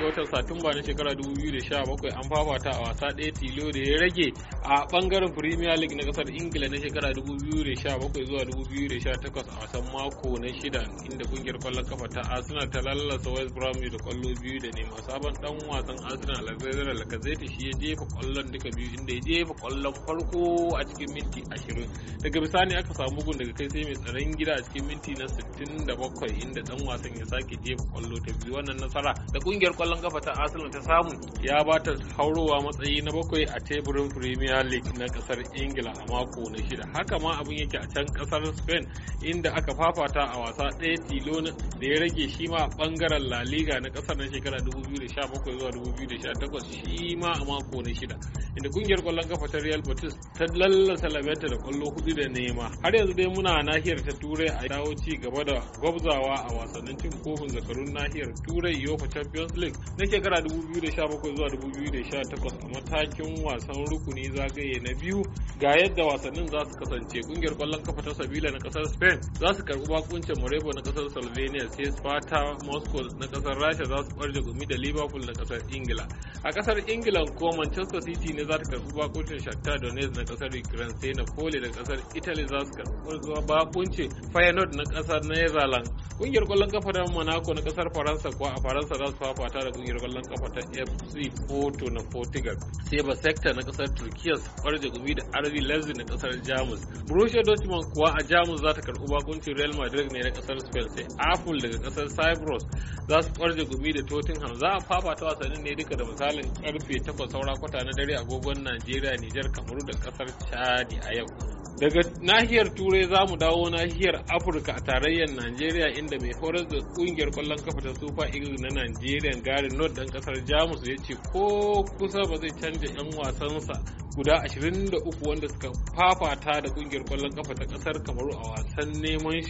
ga watan Satumba na shekara 2017 an fafata a wasa ɗaya tilo da ya rage a bangaren Premier League na kasar Ingila na shekara 2017 zuwa 2018 a wasan mako na shida inda kungiyar kwallon kafa ta Arsenal ta lalasa West Bromwich da kwallo biyu da nema sabon dan wasan Arsenal Alexander Lacazette shi ya jefa kwallon duka biyu inda ya jefa kwallon farko a cikin minti 20 daga bisani aka samu bugun daga kai sai mai tsaron gida a cikin minti na 67 inda dan wasan ya sake jefa kwallo ta biyu wannan nasara da kungiyar kwallon kwallon kafa ta Arsenal ta samu ya ba ta haurowa matsayi na bakwai a teburin Premier League na kasar Ingila a mako na shida. Haka ma abin yake a can kasar Spain inda aka fafata a wasa ɗaya tilo da ya rage shi ma bangaren La Liga na kasar na shekara 2017 zuwa 2018 shi ma a mako na shida. Inda kungiyar kwallon kafa ta Real Betis ta lallasa Lamenta da kwallo hudu da nema. Har yanzu dai muna nahiyar ta Turai a dawo ci gaba da gwabzawa a wasannin cin kofin zakarun nahiyar Turai Yofa Champions League na shekara 2017 zuwa 2018 a matakin wasan rukuni zagaye na biyu ga yadda wasannin za su kasance kungiyar kwallon kafa ta sabila na kasar spain za su karbi bakuncin morebo na kasar slovenia sai sparta moscow na kasar rasha za su kwarje gumi da liverpool na kasar ingila a kasar ingila ko manchester city ne za ta karbi bakuncin shakhtar donetsk na kasar ukraine sai napoli da kasar italy za su karbi bakuncin feyenoord na kasar netherlands kungiyar kwallon kafa ta monaco na kasar faransa kuwa a faransa za su fafata da kungiyar kwallon kafa ta FC Porto na Portugal. Sai ba sekta na kasar Turkiya su da gumi da RB Leipzig na kasar Jamus. Borussia Dortmund kuwa a Jamus za ta karɓi bakuncin Real Madrid ne na kasar Spain sai Apple daga kasar Cyprus za su da gumi da Tottenham za a ta wasannin ne duka da misalin karfe 8 saura kwata na dare agogon Najeriya, Nijar, Kamaru da kasar Chadi a yau. daga nahiyar turai za mu dawo nahiyar afirka a tarayyar najeriya inda mai horar da kungiyar kwallon kafa ta super eagles na najeriya gary not dan kasar jamus ya ce ko kusa ba zai canja 'yan wasansa guda 23 wanda suka fafata da kungiyar kwallon kafa ta kasar kamaru a wasan neman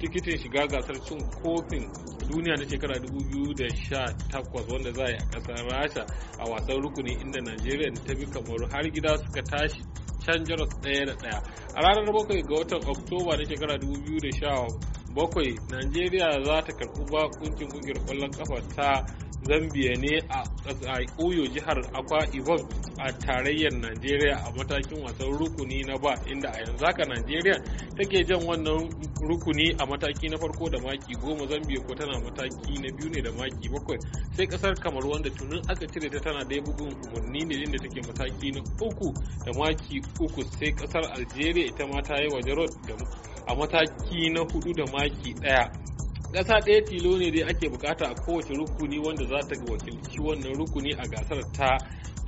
tikitin shiga gasar cin kofin duniya na shekara 2018 wanda za a yi a kasar rasha a wasan rukuni inda najeriya ta bi kamaru har gida suka tashi Changers ɗaya da ɗaya. A ranar bakwai ga watan Oktoba na shekara 2010 bakwai najeriya za ta karɓi bakuncin kungiyar kwallon kafa ta zambia ne a uyo jihar akwa ibom a tarayyar najeriya a matakin wasan rukuni na ba inda a yanzu haka najeriya take jan wannan rukuni a mataki na farko da maki goma zambia ko tana mataki na biyu ne da maki bakwai sai kasar kamar wanda tunin aka cire ta tana daya bugun umarni ne inda take mataki na uku da maki uku sai kasar algeria ita ma ta yi wajen da a mataki na hudu da maki ɗaya ƙasa ɗaya tilo ne dai ake bukata a kowace rukuni wanda za ta wakilci wannan rukuni a gasar ta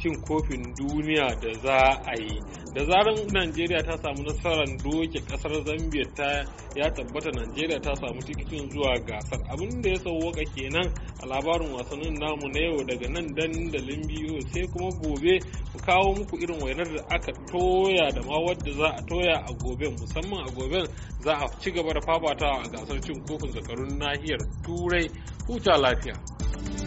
cin kofin duniya da za a yi da zarar najeriya ta samu nasarar doke kasar zambia ta ya tabbata najeriya ta samu tikitin zuwa gasar abinda da ya sauwaka kenan a labarin wasannin namu na yau daga nan dandalin biyu sai kuma gobe ku kawo muku irin wainar da aka toya da ma wadda za a toya a gobe musamman a gobe za a ci gaba da fafatawa a gasar cin kofin zakarun nahiyar turai huta lafiya